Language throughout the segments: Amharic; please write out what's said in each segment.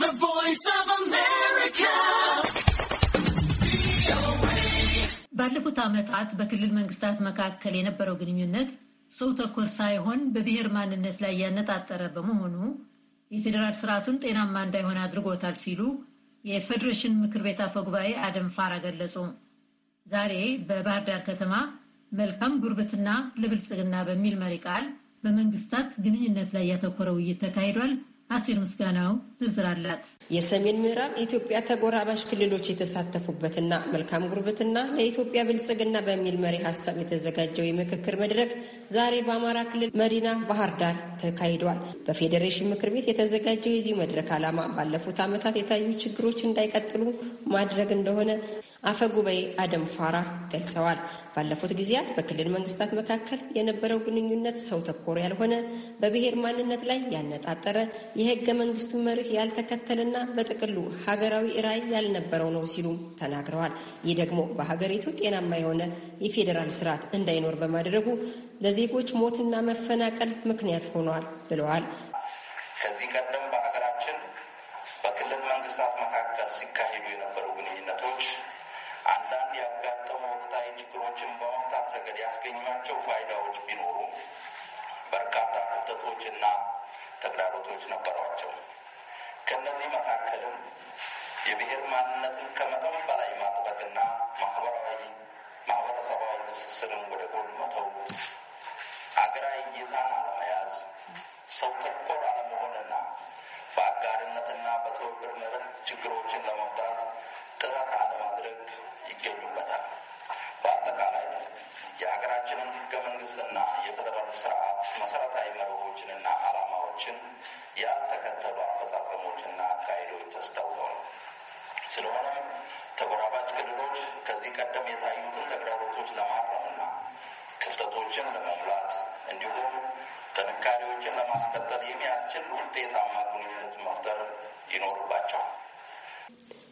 The Voice of America. ባለፉት ዓመታት በክልል መንግስታት መካከል የነበረው ግንኙነት ሰው ተኮር ሳይሆን በብሔር ማንነት ላይ ያነጣጠረ በመሆኑ የፌዴራል ስርዓቱን ጤናማ እንዳይሆን አድርጎታል ሲሉ የፌዴሬሽን ምክር ቤት አፈ ጉባኤ አደም ፋራ ገለጹ። ዛሬ በባህር ዳር ከተማ መልካም ጉርብትና ለብልጽግና በሚል መሪ ቃል በመንግስታት ግንኙነት ላይ ያተኮረ ውይይት ተካሂዷል። አስቴር ምስጋናው ዝርዝር አላት። የሰሜን ምዕራብ ኢትዮጵያ ተጎራባሽ ክልሎች የተሳተፉበትና መልካም ጉርብትና ለኢትዮጵያ ብልጽግና በሚል መሪ ሀሳብ የተዘጋጀው የምክክር መድረክ ዛሬ በአማራ ክልል መዲና ባህር ዳር ተካሂዷል። በፌዴሬሽን ምክር ቤት የተዘጋጀው የዚህ መድረክ ዓላማ ባለፉት ዓመታት የታዩ ችግሮች እንዳይቀጥሉ ማድረግ እንደሆነ አፈ ጉባኤ አደም ፋራ ገልጸዋል። ባለፉት ጊዜያት በክልል መንግስታት መካከል የነበረው ግንኙነት ሰው ተኮር ያልሆነ፣ በብሔር ማንነት ላይ ያነጣጠረ፣ የህገ መንግስቱ መርህ ያልተከተለና በጥቅሉ ሀገራዊ ራዕይ ያልነበረው ነው ሲሉም ተናግረዋል። ይህ ደግሞ በሀገሪቱ ጤናማ የሆነ የፌዴራል ስርዓት እንዳይኖር በማድረጉ ለዜጎች ሞትና መፈናቀል ምክንያት ሆኗል ብለዋል። ከዚህ ቀደም በሀገራችን በክልል መንግስታት መካከል ሲካሄዱ የነበሩ ግንኙነቶች አንዳንድ ያጋጠሙ ወቅታዊ ችግሮችን በመፍታት ረገድ ያስገኟቸው ፋይዳዎች ቢኖሩ በርካታ ክፍተቶችና ተግዳሮቶች ነበሯቸው። ከእነዚህ መካከልም የብሔር ማንነትን ከመጠን በላይ ማጥበቅና ማህበራዊ ማህበረሰባዊ ትስስርን ወደ ጎን መተው፣ አገራዊ እይታን አለመያዝ፣ ሰው ተኮር አለመሆንና በአጋርነትና በትብብር መርህ ችግሮችን ለመፍታት ጥረት አለማድረግ ይገኙበታል። በአጠቃላይ የሀገራችንን ህገ መንግስትና የፌደራል ስርዓት መሰረታዊ መርሆችንና አላማዎችን ያልተከተሉ አፈጻጸሞችና አካሄዶች ተስተውሏል። ስለሆነም ተጎራባጭ ክልሎች ከዚህ ቀደም የታዩትን ተግዳሮቶች ለማረምና ክፍተቶችን ለመሙላት እንዲሁም ጥንካሬዎችን ለማስቀጠል የሚያስችል ውጤታማ ግንኙነት መፍጠር ይኖርባቸዋል።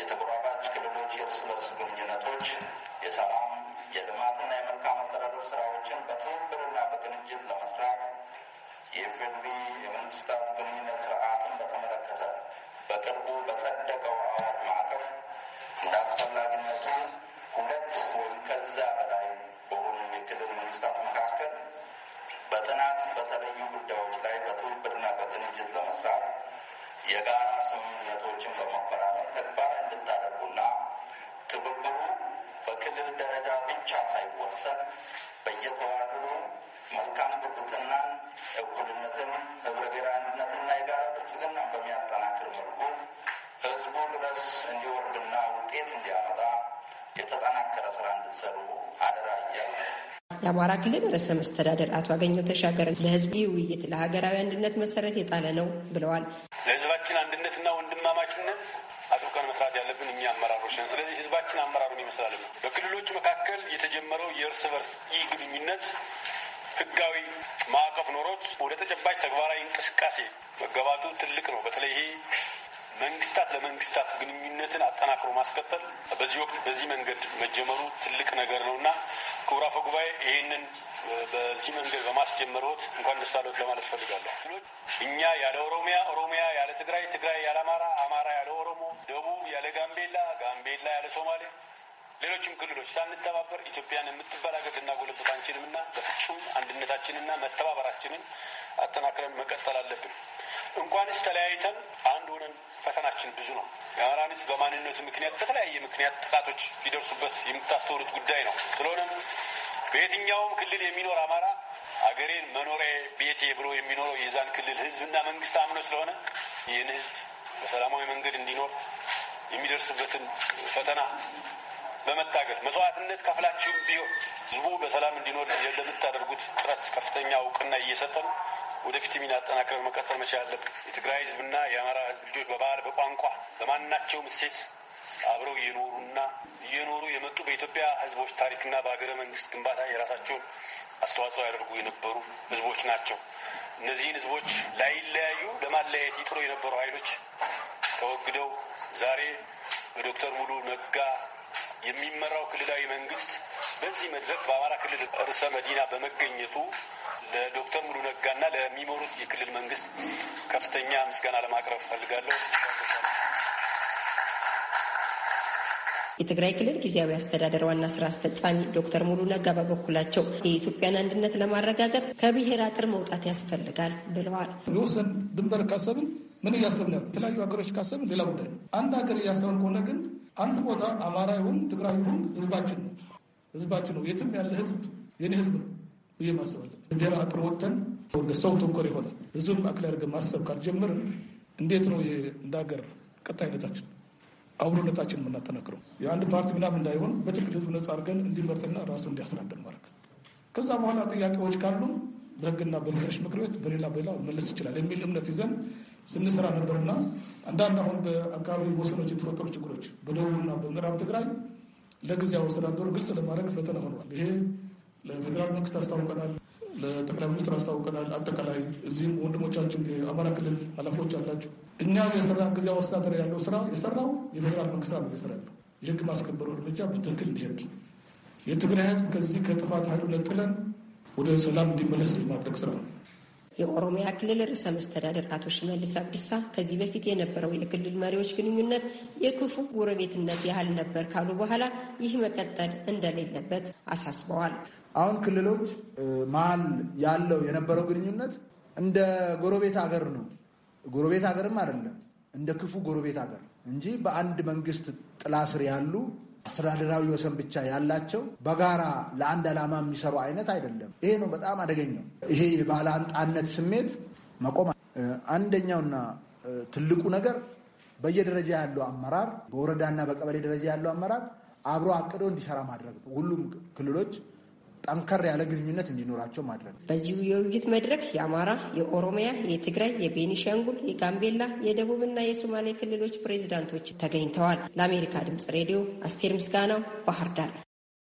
የተጎራባች ክልሎች የእርስ በርስ ግንኙነቶች የሰላም የልማትና የመልካም አስተዳደር ስራዎችን በትብብርና በቅንጅት ለመስራት የኢፌዴሪ የመንግስታት ግንኙነት ስርዓትን በተመለከተ በቅርቡ በጸደቀው አዋጅ ማዕቀፍ እንደ አስፈላጊነቱ ሁለት ወይም ከዛ በላይ በሆኑ የክልል መንግስታት መካከል በጥናት በተለዩ ጉዳዮች ላይ በትብብርና በቅንጅት ለመስራት የጋራ ስምምነቶችን በመፈራረም ተግባር እንድታደርጉና ትብብሩ በክልል ደረጃ ብቻ ሳይወሰን በየተዋረዱ መልካም ጉርብትናን፣ እኩልነትን፣ ህብረ ብሔራዊነትና የጋራ ብልጽግናን በሚያጠናክር መልኩ ህዝቡ ድረስ እንዲወርድና ውጤት እንዲያመጣ የተጠናከረ ስራ እንድትሰሩ አደራ እያለ የአማራ ክልል ርዕሰ መስተዳደር አቶ አገኘው ተሻገር ለህዝብ ውይይት ለሀገራዊ አንድነት መሰረት የጣለ ነው ብለዋል። ለህዝባችን አንድነትና ወንድማማችነት አመራሮች ነን። ስለዚህ ህዝባችን አመራሩን ይመስላል ነው። በክልሎች መካከል የተጀመረው የእርስ በርስ ይህ ግንኙነት ህጋዊ ማዕቀፍ ኖሮት ወደ ተጨባጭ ተግባራዊ እንቅስቃሴ መገባቱ ትልቅ ነው። በተለይ ይሄ መንግስታት ለመንግስታት ግንኙነትን አጠናክሮ ማስቀጠል በዚህ ወቅት በዚህ መንገድ መጀመሩ ትልቅ ነገር ነው እና ክቡር አፈ ጉባኤ ይህንን በዚህ መንገድ በማስጀመርዎት እንኳን ደስ አለዎት ለማለት ፈልጋለሁ። እኛ ያለ ኦሮሚያ ኦሮሚያ ያለ ትግራይ፣ ትግራይ ያለ አማራ፣ አማራ ያለ ጋምቤላ፣ ጋምቤላ ያለ ሶማሌ፣ ሌሎችም ክልሎች ሳንተባበር ኢትዮጵያን የምትበላገድ ልናጎለብት አንችልም እና በፍጹም አንድነታችንና መተባበራችንን አጠናክረን መቀጠል አለብን። እንኳንስ ተለያይተን አንድ ሆነን ፈተናችን ብዙ ነው። የአማራን ሕዝብ በማንነቱ ምክንያት በተለያየ ምክንያት ጥቃቶች ሊደርሱበት የምታስተውሉት ጉዳይ ነው። ስለሆነም በየትኛውም ክልል የሚኖር አማራ አገሬን መኖሪያ ቤቴ ብሎ የሚኖረው የዛን ክልል ሕዝብና መንግስት አምኖ ስለሆነ ይህን ሕዝብ በሰላማዊ መንገድ እንዲኖር የሚደርስበትን ፈተና በመታገል መስዋዕትነት ከፍላችሁም ቢሆን ህዝቡ በሰላም እንዲኖር ለምታደርጉት ጥረት ከፍተኛ እውቅና እየሰጠን ወደፊት ሚና አጠናክረን መቀጠል መቻል አለብን። የትግራይ ህዝብና የአማራ ህዝብ ልጆች በባህል፣ በቋንቋ፣ በማናቸውም እሴት አብረው እየኖሩና እየኖሩ የመጡ በኢትዮጵያ ህዝቦች ታሪክና በሀገረ መንግስት ግንባታ የራሳቸውን አስተዋጽኦ ያደርጉ የነበሩ ህዝቦች ናቸው። እነዚህን ህዝቦች ላይለያዩ ለማለያየት ይጥሩ የነበሩ ኃይሎች ተወግደው ዛሬ በዶክተር ሙሉ ነጋ የሚመራው ክልላዊ መንግስት በዚህ መድረክ በአማራ ክልል ርዕሰ መዲና በመገኘቱ ለዶክተር ሙሉ ነጋና ለሚመሩት የክልል መንግስት ከፍተኛ ምስጋና ለማቅረብ ፈልጋለሁ የትግራይ ክልል ጊዜያዊ አስተዳደር ዋና ስራ አስፈጻሚ ዶክተር ሙሉ ነጋ በበኩላቸው የኢትዮጵያን አንድነት ለማረጋገጥ ከብሔር አጥር መውጣት ያስፈልጋል ብለዋል። የወሰን ድንበር ካሰብን ምን እያሰብን ነው? የተለያዩ ሀገሮች ካሰብን ሌላ ጉዳይ፣ አንድ ሀገር እያሰብን ከሆነ ግን አንድ ቦታ አማራ ይሁን ትግራይ ይሁን ህዝባችን ነው ህዝባችን ነው። የትም ያለ ህዝብ የኔ ህዝብ ነው ብዬ ማሰባለ ብሔር አጥር ወጥተን ሰው ተንኮር ይሆናል። ህዝብ አክል አድርገን ማሰብ ካልጀመርን እንዴት ነው እንደ ሀገር ቀጣይነታችን አብሮነታችን የምናጠናክረው የአንድ ፓርቲ ምናምን እንዳይሆን በትክክል ህዝብ ነጻ አድርገን እንዲመርጥና ራሱ እንዲያስተዳደር ማድረግ። ከዛ በኋላ ጥያቄዎች ካሉ በህግና በሚኒስትሮች ምክር ቤት በሌላ በሌላ መለስ ይችላል የሚል እምነት ይዘን ስንሰራ ነበርና አንዳንድ አሁን በአካባቢ ወሰኖች የተፈጠሩ ችግሮች በደቡብና በምዕራብ ትግራይ ለጊዜያዊ አስተዳደሩ ግልጽ ለማድረግ ፈተና ሆኗል። ይሄ ለፌዴራል መንግስት አስታውቀናል፣ ለጠቅላይ ሚኒስትር አስታውቀናል። አጠቃላይ እዚህም ወንድሞቻችን የአማራ ክልል ኃላፊዎች አላቸው እኛ የሰራ ጊዜ አስተዳደር ያለው ስራ የሰራው የፌዴራል መንግስት ነው የሰራ የህግ ማስከበሩ እርምጃ በትክክል እንዲሄድ የትግራይ ህዝብ ከዚህ ከጥፋት ኃይሉ ለጥለን ወደ ሰላም እንዲመለስ ማድረግ ስራ ነው። የኦሮሚያ ክልል ርዕሰ መስተዳደር አቶ ሽመልስ አብዲሳ ከዚህ በፊት የነበረው የክልል መሪዎች ግንኙነት የክፉ ጎረቤትነት ያህል ነበር ካሉ በኋላ ይህ መቀጠል እንደሌለበት አሳስበዋል። አሁን ክልሎች መሀል ያለው የነበረው ግንኙነት እንደ ጎረቤት ሀገር ነው ጎረቤት ሀገርም አይደለም እንደ ክፉ ጎረቤት ሀገር እንጂ በአንድ መንግስት ጥላ ስር ያሉ አስተዳደራዊ ወሰን ብቻ ያላቸው በጋራ ለአንድ ዓላማ የሚሰሩ አይነት አይደለም። ይሄ ነው በጣም አደገኛው። ይሄ የባለአንጣነት ስሜት መቆም አንደኛውና ትልቁ ነገር በየደረጃ ያለው አመራር፣ በወረዳና በቀበሌ ደረጃ ያለው አመራር አብሮ አቅዶ እንዲሰራ ማድረግ ነው። ሁሉም ክልሎች ጠንከር ያለ ግንኙነት እንዲኖራቸው ማድረግ። በዚሁ የውይይት መድረክ የአማራ፣ የኦሮሚያ፣ የትግራይ፣ የቤኒሻንጉል፣ የጋምቤላ፣ የደቡብና የሶማሌ ክልሎች ፕሬዚዳንቶች ተገኝተዋል። ለአሜሪካ ድምጽ ሬዲዮ አስቴር ምስጋናው ባህር ዳር።